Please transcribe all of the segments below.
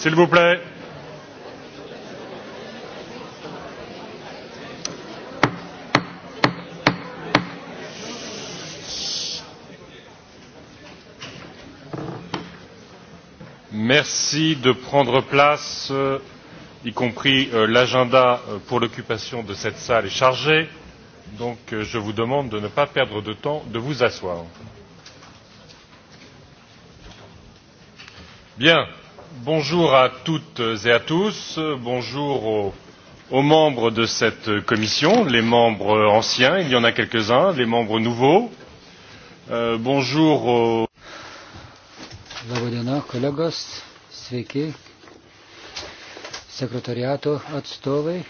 S'il vous plaît. Merci de prendre place, euh, y compris euh, l'agenda euh, pour l'occupation de cette salle est chargé, donc je vous demande de ne pas perdre de temps, de vous asseoir. Bien bonjour à toutes et à tous bonjour aux, aux membres de cette commission les membres anciens il y en a quelques uns les membres nouveaux euh, bonjour aux Labą dieną, kolegos, sveiki, sekretariato atstovai,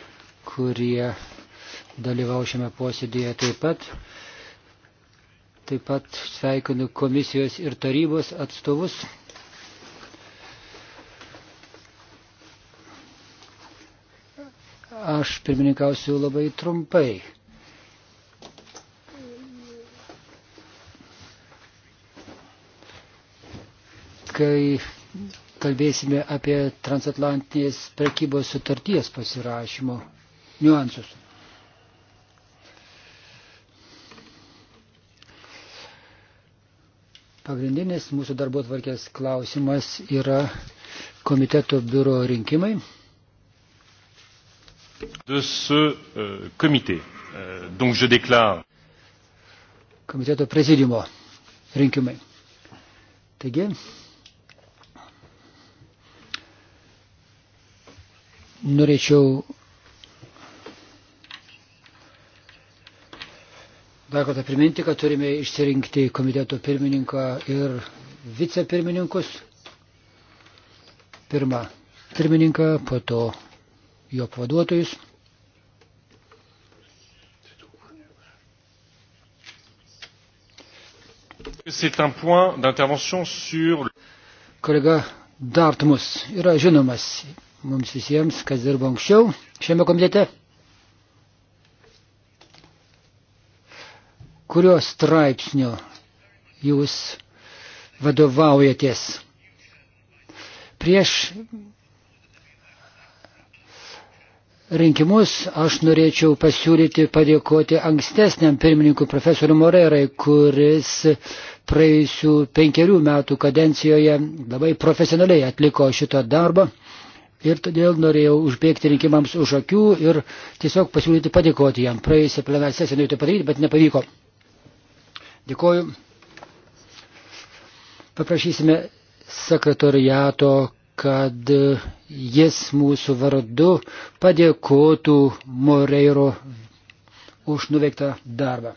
kurie dalyvau šiame posėdėje taip pat. Taip pat sveikinu komisijos ir tarybos atstovus. Aš pirmininkausiu labai trumpai. Kai kalbėsime apie transatlantinės prekybos sutarties pasirašymo niuansus. Pagrindinis mūsų darbo tvarkės klausimas yra komiteto biuro rinkimai de ce euh, comité. Euh, donc je déclare. Komiteto prezidiumo rinkimai. Taigi, norėčiau dar kartą priminti, kad turime išsirinkti komiteto pirmininką ir vicepirmininkus. Pirmą pirmininką, po to jo pavaduotojus. Sur... Kolega Dartmus yra žinomas mums visiems, kas dirbo anksčiau šiame komitete, kurio straipsnio jūs vadovaujatės. Prieš rinkimus aš norėčiau pasiūlyti padėkoti ankstesniam pirmininkui profesoriu Morerai, kuris praėjusių penkerių metų kadencijoje labai profesionaliai atliko šitą darbą. Ir todėl norėjau užbėgti rinkimams už akių ir tiesiog pasiūlyti padėkoti jam. Praėjusią plenarinę sesiją norėjau tai padaryti, bet nepavyko. Dėkoju. Paprašysime sekretoriato kad e, jis mūsų vardu padėkotų Moreiro už nuveiktą darbą.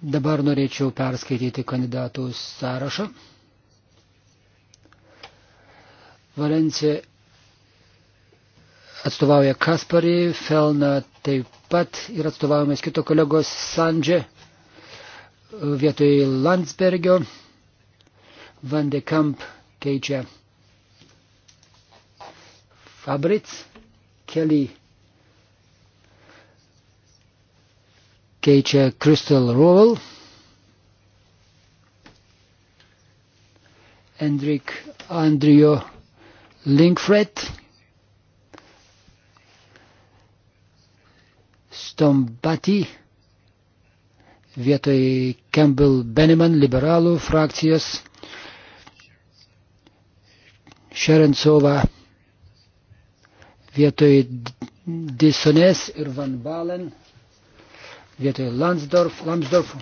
Dabar norėčiau perskaityti kandidatų sąrašą. Valencija atstovauja Kasparį, Felna taip pat ir atstovaujamas kito kolegos Sandžė vietoj Landsbergio. Van de Kamp keičia Fabric, Kelly keičia Crystal Rowell, Andrik Andrijo Linkfred Dombati vietoj Campbell Benneman liberalų frakcijos Šerencova vietoj Disones ir Van Balen vietoj Lansdorf, Lambsdorf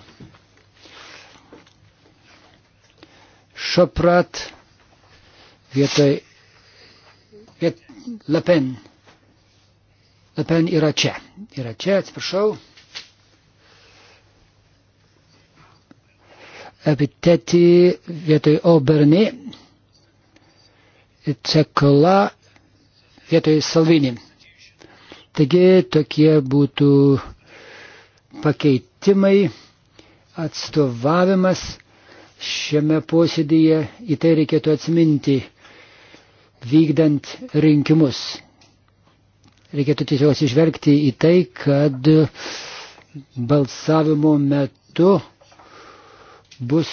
Šoprat vietoj viet, Lapen. Le Pen yra čia. Yra čia, atsiprašau. Epitetį vietoj Oberni. Cekla vietoj Salvini. Taigi tokie būtų pakeitimai, atstovavimas šiame posėdėje, į tai reikėtų atsiminti, vykdant rinkimus. Reikėtų tiesiog atsižvelgti į tai, kad balsavimo metu bus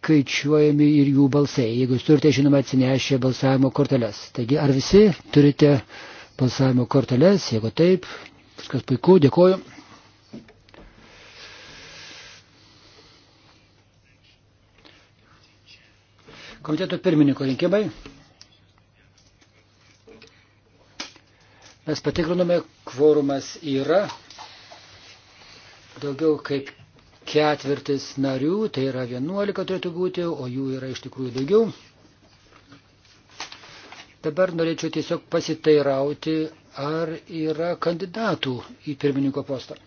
skaičiuojami ir jų balsai, jeigu jūs turite, žinoma, atsinešę balsavimo korteles. Taigi, ar visi turite balsavimo korteles, jeigu taip, viskas puiku, dėkoju. Komiteto pirmininko rinkimai. Mes patikrinome, kvorumas yra daugiau kaip ketvirtis narių, tai yra 11 turėtų būti, o jų yra iš tikrųjų daugiau. Dabar norėčiau tiesiog pasiteirauti, ar yra kandidatų į pirmininko postą.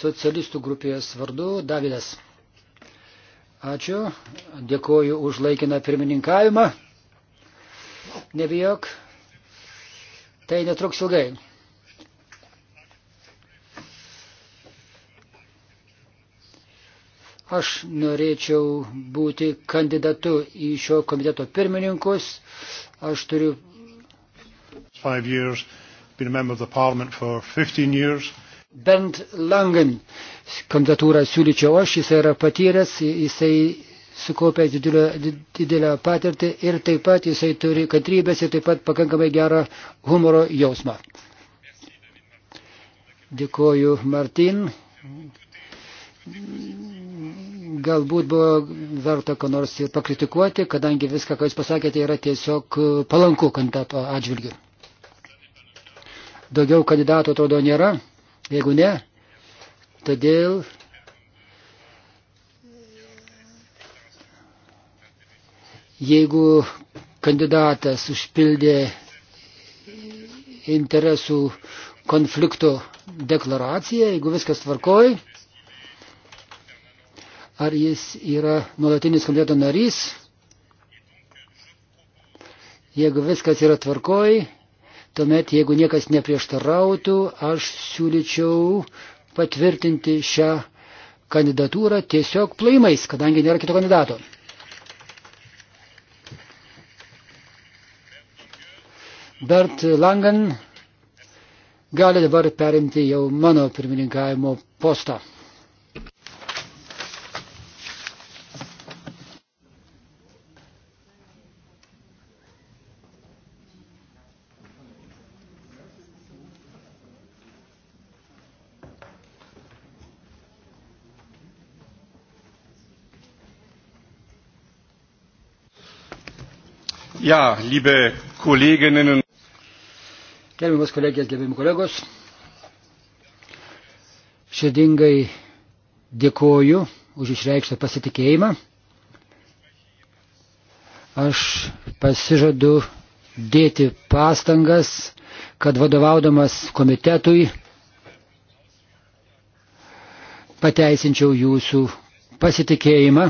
Socialistų grupės vardu Davidas. Ačiū. Dėkoju už laikiną pirmininkavimą. Nebijok. Tai netruks ilgai. Aš norėčiau būti kandidatu į šio komiteto pirmininkus. Aš turiu. Five years, been a member of the parliament for 15 years. Bent Langen kandidatūrą siūlyčiau aš, jisai yra patyręs, jisai sukaupęs didelę, didelę patirtį ir taip pat jisai turi kantrybės ir taip pat pakankamai gerą humoro jausmą. Dėkoju Martin. Galbūt buvo verta ko nors ir pakritikuoti, kadangi viską, ką jūs pasakėte, yra tiesiog palanku kandidato atžvilgiu. Daugiau kandidatų atrodo nėra. Jeigu ne, todėl jeigu kandidatas užpildė interesų konflikto deklaraciją, jeigu viskas tvarkoj, ar jis yra nuolatinis komiteto narys, jeigu viskas yra tvarkoj, Tuomet, jeigu niekas neprieštarautų, aš siūlyčiau patvirtinti šią kandidatūrą tiesiog plaimais, kadangi nėra kito kandidato. Bert Langen gali dabar perimti jau mano pirmininkavimo postą. Ja, liebe Kolleginnen und Gerbiamas kolegės, gerbiami kolegos, širdingai dėkoju už išreikštą pasitikėjimą. Aš pasižadu dėti pastangas, kad vadovaudamas komitetui pateisinčiau jūsų pasitikėjimą.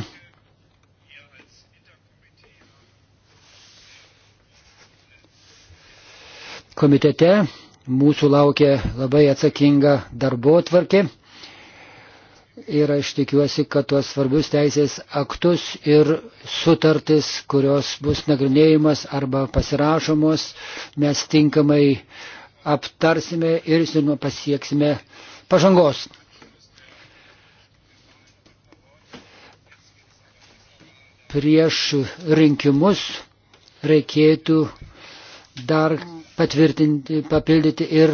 komitete mūsų laukia labai atsakinga darbo tvarkė. Ir aš tikiuosi, kad tuos svarbius teisės aktus ir sutartis, kurios bus nagrinėjimas arba pasirašomos, mes tinkamai aptarsime ir žinoma pasieksime pažangos. Prieš rinkimus reikėtų dar patvirtinti, papildyti ir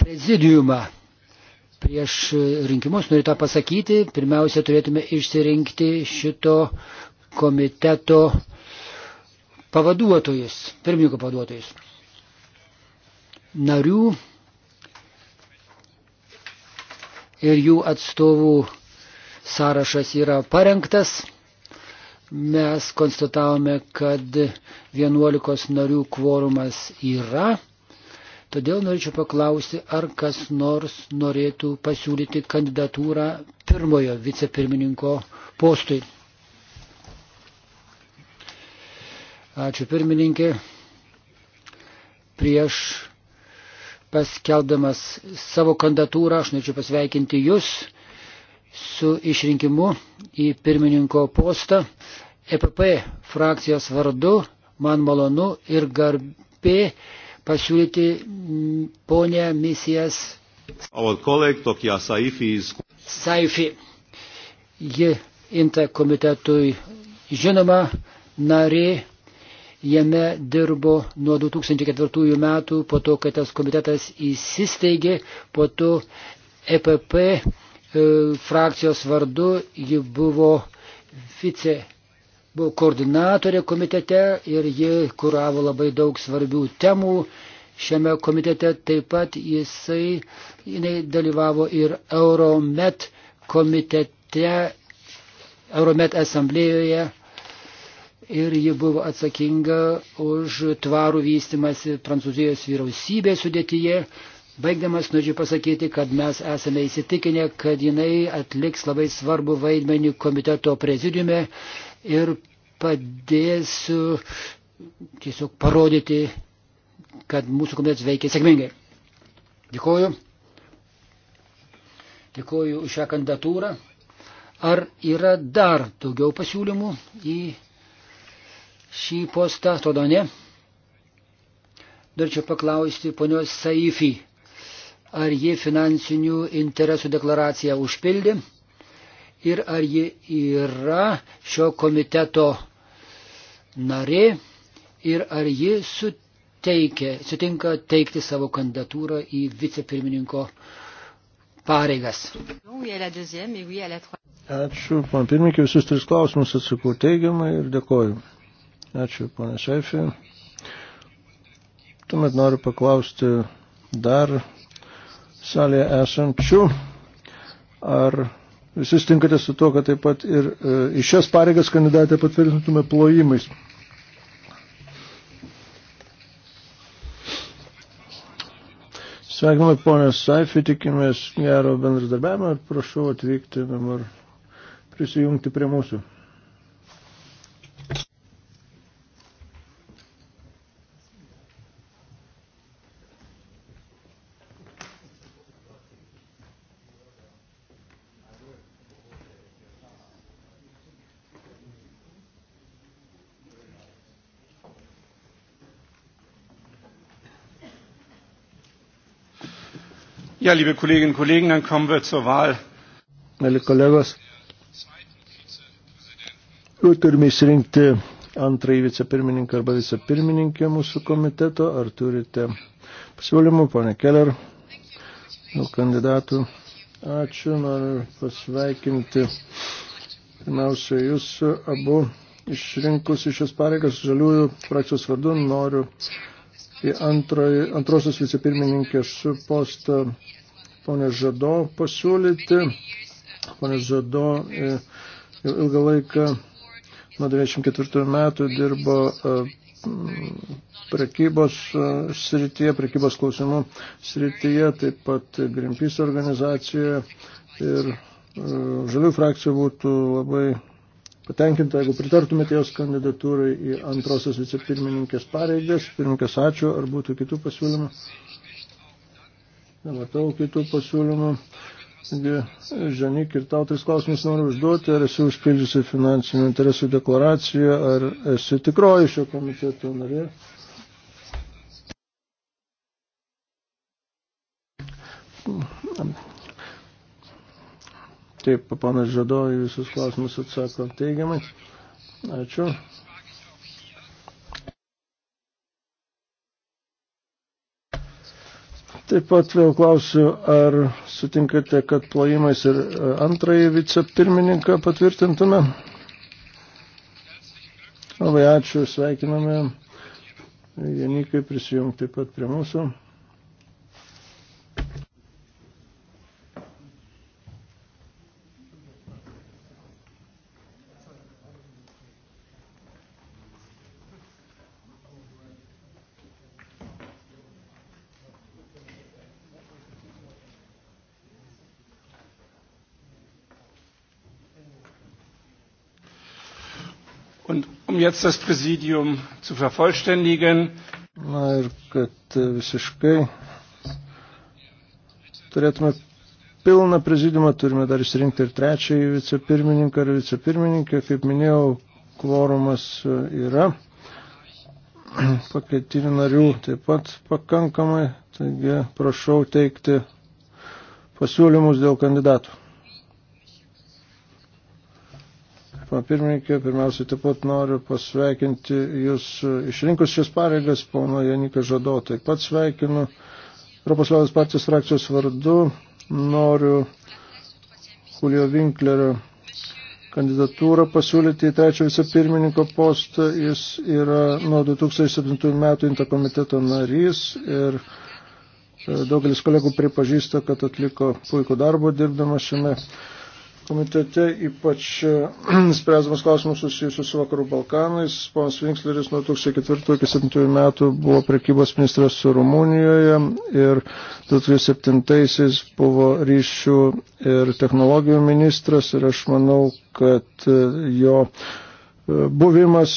prezidiumą. Prieš rinkimus noriu tą pasakyti, pirmiausia turėtume išsirinkti šito komiteto pavaduotojus, pirmininko pavaduotojus. Narių ir jų atstovų sąrašas yra parengtas mes konstatavome, kad 11 narių kvorumas yra. Todėl norėčiau paklausti, ar kas nors norėtų pasiūlyti kandidatūrą pirmojo vicepirmininko postui. Ačiū pirmininkė. Prieš paskeldamas savo kandidatūrą aš norėčiau pasveikinti Jūs su išrinkimu į pirmininko postą. EPP frakcijos vardu man malonu ir garbė pasiūlyti ponę misijas Saifi. Ji inta komitetui žinoma narė jame dirbo nuo 2004 metų, po to, kai tas komitetas įsisteigė, po to EPP E, frakcijos vardu, ji buvo vice, buvo koordinatorė komitete ir ji kuravo labai daug svarbių temų. Šiame komitete taip pat jisai, jinai dalyvavo ir Euromet komitete, Euromet asamblėjoje ir ji buvo atsakinga už tvarų vystimąsi Prancūzijos vyriausybės sudėtyje. Baigdamas noriu pasakyti, kad mes esame įsitikinę, kad jinai atliks labai svarbu vaidmenį komiteto prezidiume ir padėsiu tiesiog parodyti, kad mūsų komitetas veikia sėkmingai. Dėkuoju. Dėkuoju už šią kandidatūrą. Ar yra dar daugiau pasiūlymų į šį postą, to ne? Dar čia paklausti ponios Saifi ar ji finansinių interesų deklaraciją užpildi ir ar ji yra šio komiteto narė ir ar ji suteikia, sutinka teikti savo kandidatūrą į vicepirmininko pareigas. Ačiū, pan pirmininkė, visus tris klausimus atsakau teigiamai ir dėkoju. Ačiū, pana Šefė. Tuomet noriu paklausti dar salėje esančių. Ar visi stinkate su to, kad taip pat ir e, į šias pareigas kandidatę patvirtintume plojimais? Sveikiname ponę Saifį, tikimės gero bendradarbiavimo ir prašau atvykti dabar prisijungti prie mūsų. Ja, liebe Kolleginnen und Kollegen, dann kommen wir zur Wahl. Mėly kolegos, turime išsirinkti antrąjį vicepirmininką arba vicepirmininkę mūsų komiteto. Ar turite pasiūlymų, ponė Keller, daug kandidatų? Ačiū, noriu pasveikinti pirmiausia jūs abu išrinkus iš šios pareigas žaliųjų frakcijos vardu. Noriu į antro, antrosios vicepirmininkės postą ponę Žado pasiūlyti. Ponė Žado e, jau ilgą laiką nuo 94 metų dirbo e, prekybos e, srityje, prekybos klausimų srityje, taip pat Grimpys organizacijoje ir žalių frakcija būtų labai patenkinta, jeigu pritartumėte jos kandidatūrai į antrosios vicepirmininkės pareigas. Pirmininkas, ačiū. Ar būtų kitų pasiūlymų? Nematau kitų pasiūlymų. Žanik ir tau tais klausimus noriu užduoti, ar esi užpildžiusi finansinių interesų deklaraciją, ar esi tikroji šio komiteto narė. Taip, panas Žado į visus klausimus atsako teigiamai. Ačiū. Taip pat vėl klausiu, ar sutinkate, kad plojimais ir e, antrąjį vicepirmininką patvirtintume? Labai ačiū, sveikiname Janikai prisijungti taip pat prie mūsų. jetzt das Präsidium zu vervollständigen. Na ir kad e, visiškai turėtume pilną prezidiumą, turime dar išsirinkti ir trečiąjį vicepirmininką ar vicepirmininkę. Kaip minėjau, kvorumas e, yra pakeitinių narių taip pat pakankamai, taigi prašau teikti pasiūlymus dėl kandidatų. Pana pirmininkė, pirmiausia, taip pat noriu pasveikinti Jūs e, išrinkus šias pareigas, pono Janika Žado. Taip pat sveikinu Europos Liaudės partijos frakcijos vardu. Noriu Julio Winklerio kandidatūrą pasiūlyti į trečią visą pirmininko postą. Jis yra nuo 2007 metų interkomiteto narys ir e, daugelis kolegų pripažįsta, kad atliko puikų darbą dirbdamas šiame komitete, ypač spręsdamas klausimus susijusius su Vakarų Balkanais. Ponas Vinksleris nuo 2004-2007 metų buvo prekybos ministras su Rumunijoje ir 2007-aisiais buvo ryšių ir technologijų ministras ir aš manau, kad e, jo e, buvimas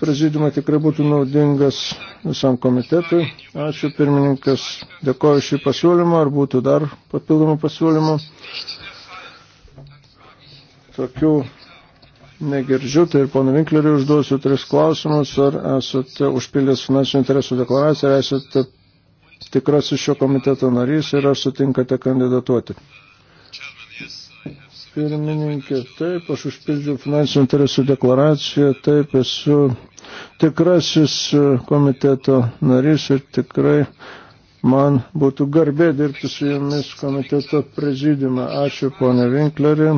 prezidiume tikrai būtų naudingas visam komitetui. Ačiū pirmininkas, dėkoju šį pasiūlymą, ar būtų dar papildomų pasiūlymų tokių negirdžiu, tai ir pono Vinkleriui užduosiu tris klausimus, ar esate užpildęs finansinių interesų deklaraciją, ar esate tikrasis šio komiteto narys ir ar sutinkate kandidatuoti. Pirmininkė, taip, aš užpildžiau finansinių interesų deklaraciją, taip, esu tikrasis komiteto narys ir tikrai man būtų garbė dirbti su jumis komiteto prezidiumą. Ačiū, ponė Vinkleri.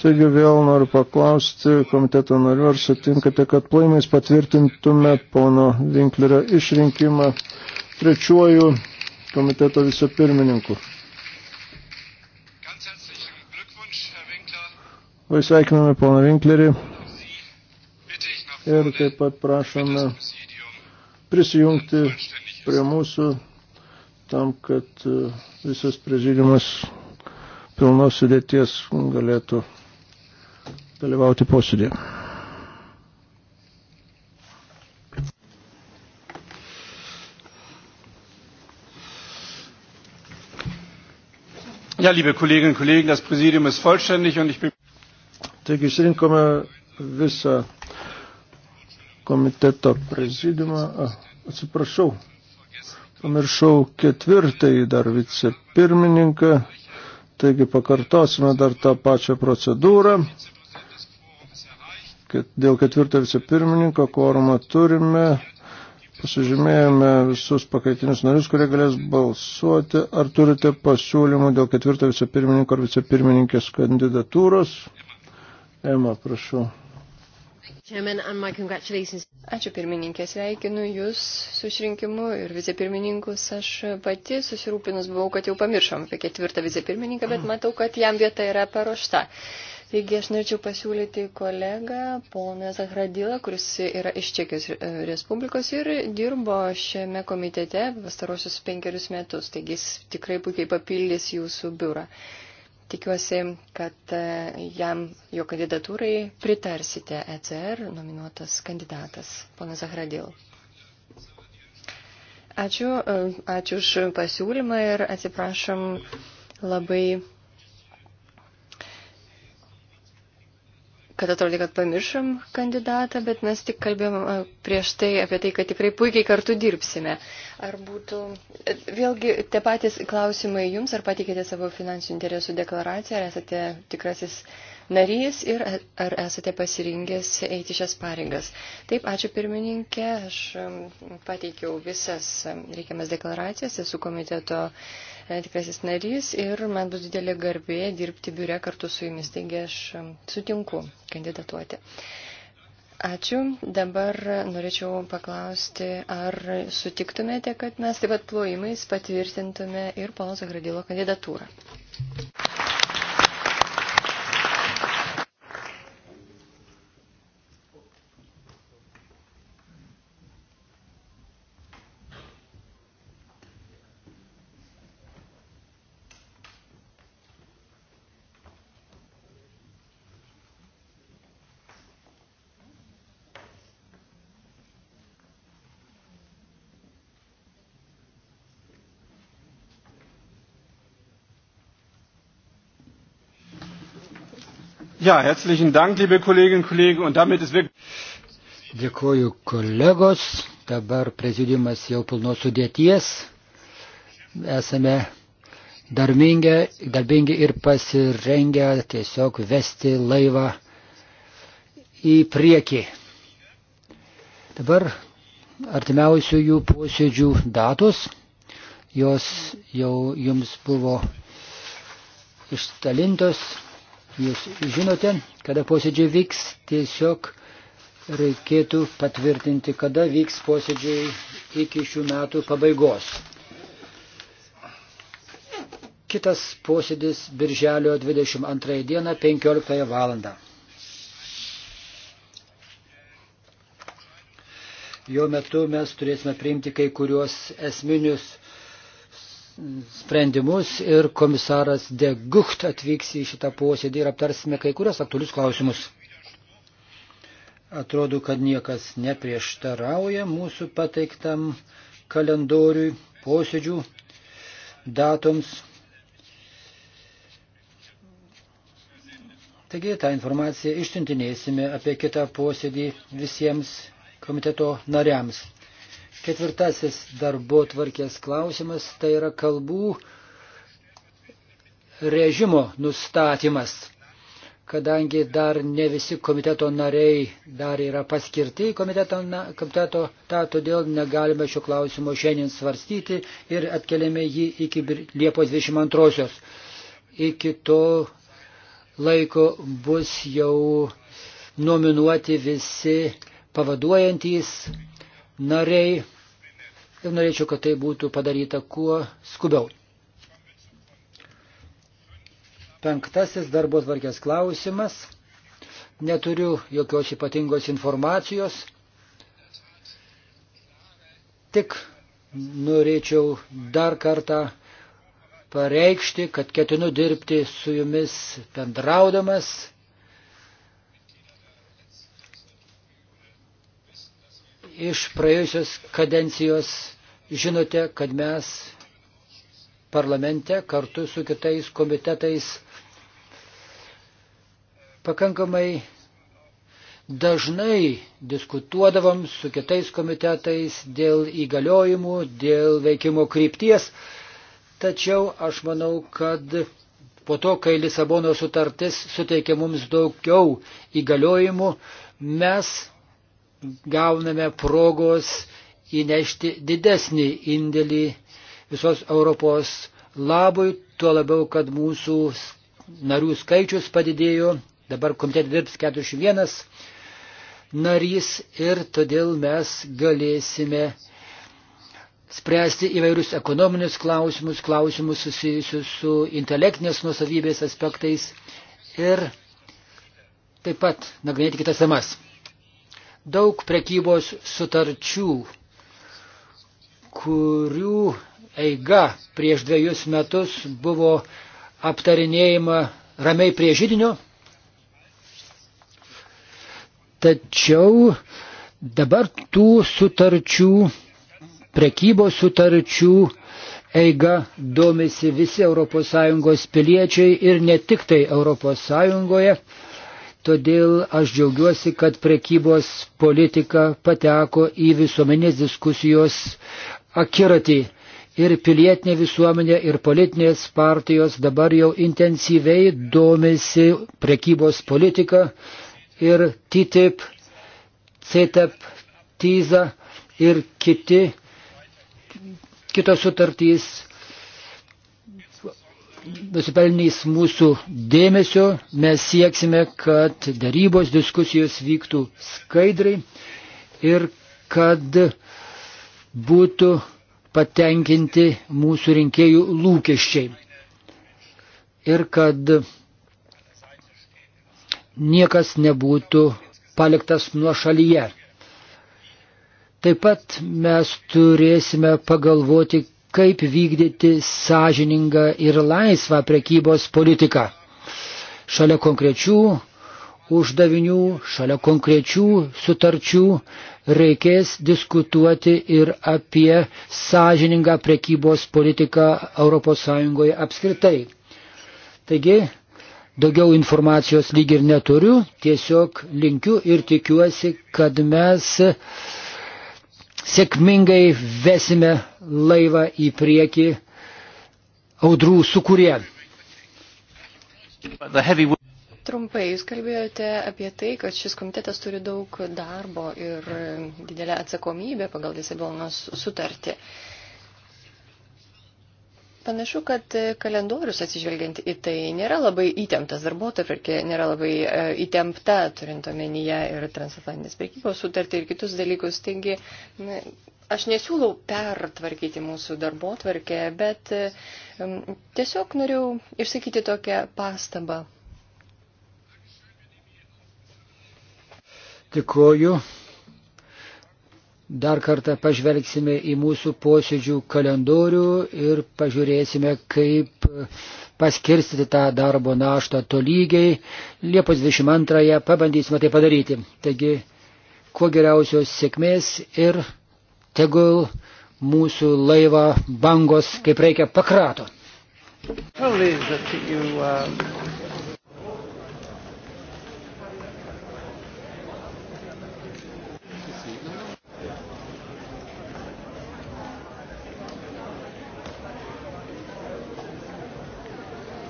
Taigi vėl noriu paklausti komiteto narių, ar sutinkate, kad plaimais patvirtintume pono Vinklerio išrinkimą trečiuoju komiteto vicepirmininku. Vai sveikiname poną Vinklerį ir taip pat prašome prisijungti prie mūsų tam, kad visas prezidiumas pilnos sudėties galėtų dalyvauti posėdėje. Ja, liebe Kolleginnen und Kollegen, das Präsidium ist vollständig und ich bin. Taigi išrinkome visą komiteto prezidiumą. A, atsiprašau, pamiršau ketvirtąjį dar vicepirmininką. Taigi pakartosime dar tą pačią procedūrą kad dėl ketvirto vicepirmininko kvorumą turime, pasižymėjome visus pakaitinius narius, kurie galės balsuoti. Ar turite pasiūlymų dėl ketvirto vicepirmininko ar vicepirmininkės kandidatūros? Ema, prašau. Ačiū pirmininkė, sveikinu Jūs su išrinkimu ir vicepirmininkus. Aš pati susirūpinus buvau, kad jau pamiršom apie ketvirtą vicepirmininką, bet mm. matau, kad jam vieta yra paruošta. Taigi aš norėčiau pasiūlyti kolegą, poną Zahradilą, kuris yra iš Čekijos Respublikos ir dirbo šiame komitete pastarosius penkerius metus. Taigi jis tikrai puikiai papildys jūsų biurą. Tikiuosi, kad e, jam, jo kandidatūrai pritarsite ECR nominuotas kandidatas, ponas Zahradil. Ačiū, e, ačiū už pasiūlymą ir atsiprašom labai kad atrodo, kad pamiršom kandidatą, bet mes tik kalbėjom prieš tai apie tai, kad tikrai puikiai kartu dirbsime. Ar būtų, e, vėlgi, tie patys klausimai jums, ar patikėte savo finansų interesų deklaraciją, ar esate tikrasis narys ir e, ar esate pasirinkęs eiti šias pareigas. Taip, ačiū pirmininkė, aš pateikiau visas reikiamas deklaracijas, esu komiteto tikrasis narys ir man bus didelė garbė dirbti biure kartu su jumis, taigi aš um, sutinku kandidatuoti. Ačiū. Dabar norėčiau paklausti, ar sutiktumėte, kad mes taip pat plojimais patvirtintume ir Paulo Zagradilo kandidatūrą. Ja, herzlichen Dank, liebe Kolleginnen und Kollegen, und damit ist wirklich. Dėkuoju kolegos, dabar prezidiumas jau pilnos sudėties. Esame darbingi, darbingi ir pasirengę tiesiog vesti laivą į priekį. Dabar artimiausiųjų posėdžių datos, jos jau jums buvo ištalintos. Jūs žinote, kada posėdžiai vyks, tiesiog reikėtų patvirtinti, kada vyks posėdžiai iki šių metų pabaigos. Kitas posėdis birželio 22 dieną 15 val. Jo metu mes turėsime priimti kai kuriuos esminius sprendimus ir komisaras De Gucht atvyks į šitą posėdį ir aptarsime kai kurias aktualius klausimus. Atrodo, kad niekas neprieštarauja mūsų pateiktam kalendoriui, posėdžių, datoms. Taigi tą informaciją išsiuntinėsime apie kitą posėdį visiems komiteto nariams. Ketvirtasis darbo tvarkės klausimas tai yra kalbų režimo nustatymas. Kadangi dar ne visi komiteto nariai dar yra paskirti komiteto, na, komiteto tą, todėl negalime šio klausimo šiandien svarstyti ir atkeliame jį iki Liepos 22-osios. Iki to laiko bus jau nominuoti visi pavaduojantys nariai ir norėčiau, kad tai būtų padaryta kuo skubiau. Penktasis darbo tvarkės klausimas. Neturiu jokios ypatingos informacijos. Tik norėčiau dar kartą pareikšti, kad ketinu dirbti su jumis bendraudamas iš praėjusios kadencijos žinote, kad mes parlamente kartu su kitais komitetais pakankamai dažnai diskutuodavom su kitais komitetais dėl įgaliojimų, dėl veikimo krypties. Tačiau aš manau, kad po to, kai Lisabono sutartis suteikė mums daugiau įgaliojimų, mes gauname progos įnešti didesnį indėlį visos Europos labui, tuo labiau, kad mūsų narių skaičius padidėjo, dabar komitete dirbs 41 narys ir todėl mes galėsime spręsti įvairius ekonominius klausimus, klausimus susijusius su intelektinės nusavybės aspektais ir taip pat nagrinėti kitas temas daug prekybos sutarčių, kurių eiga prieš dviejus metus buvo aptarinėjama ramiai prie žydinio. Tačiau dabar tų sutarčių, prekybos sutarčių eiga domisi visi ES piliečiai ir ne tik tai ES Todėl aš džiaugiuosi, kad prekybos politika pateko į visuomenės diskusijos akiratį. Ir pilietinė visuomenė, ir politinės partijos dabar jau intensyviai domisi prekybos politika ir TTIP, CETAP, TISA ir kiti, kitos sutartys nusipelnys mūsų dėmesio. Mes sieksime, kad darybos diskusijos vyktų skaidrai ir kad būtų patenkinti mūsų rinkėjų lūkesčiai. Ir kad niekas nebūtų paliktas nuo šalyje. Taip pat mes turėsime pagalvoti, kaip vykdyti sąžiningą ir laisvą prekybos politiką. Šalia konkrečių uždavinių, šalia konkrečių sutarčių reikės diskutuoti ir apie sąžiningą prekybos politiką ES apskritai. Taigi, daugiau informacijos lyg ir neturiu, tiesiog linkiu ir tikiuosi, kad mes sėkmingai vesime laivą į priekį audrų sukūrė. Trumpai, jūs kalbėjote apie tai, kad šis komitetas turi daug darbo ir didelę atsakomybę pagal Lisabonos sutartį. Uh, Panašu, kad e, kalendorius atsižvelgiant į tai nėra labai įtemptas darbuotvarkė, nėra labai e, įtempta, turint omenyje ir transatlantinės prekybos sutartį ir kitus dalykus. Taigi, aš nesiūlau pertvarkyti mūsų darbuotvarkę, bet e, tiesiog norėjau išsakyti tokią pastabą. Dėkuoju. Dar kartą pažvelgsime į mūsų posėdžių kalendorių ir pažiūrėsime, kaip paskirstyti tą darbo naštą tolygiai. Liepos 22-ąją pabandysime tai padaryti. Taigi, kuo geriausios sėkmės ir tegul mūsų laivą bangos kaip reikia pakrato. Probably is that you, uh,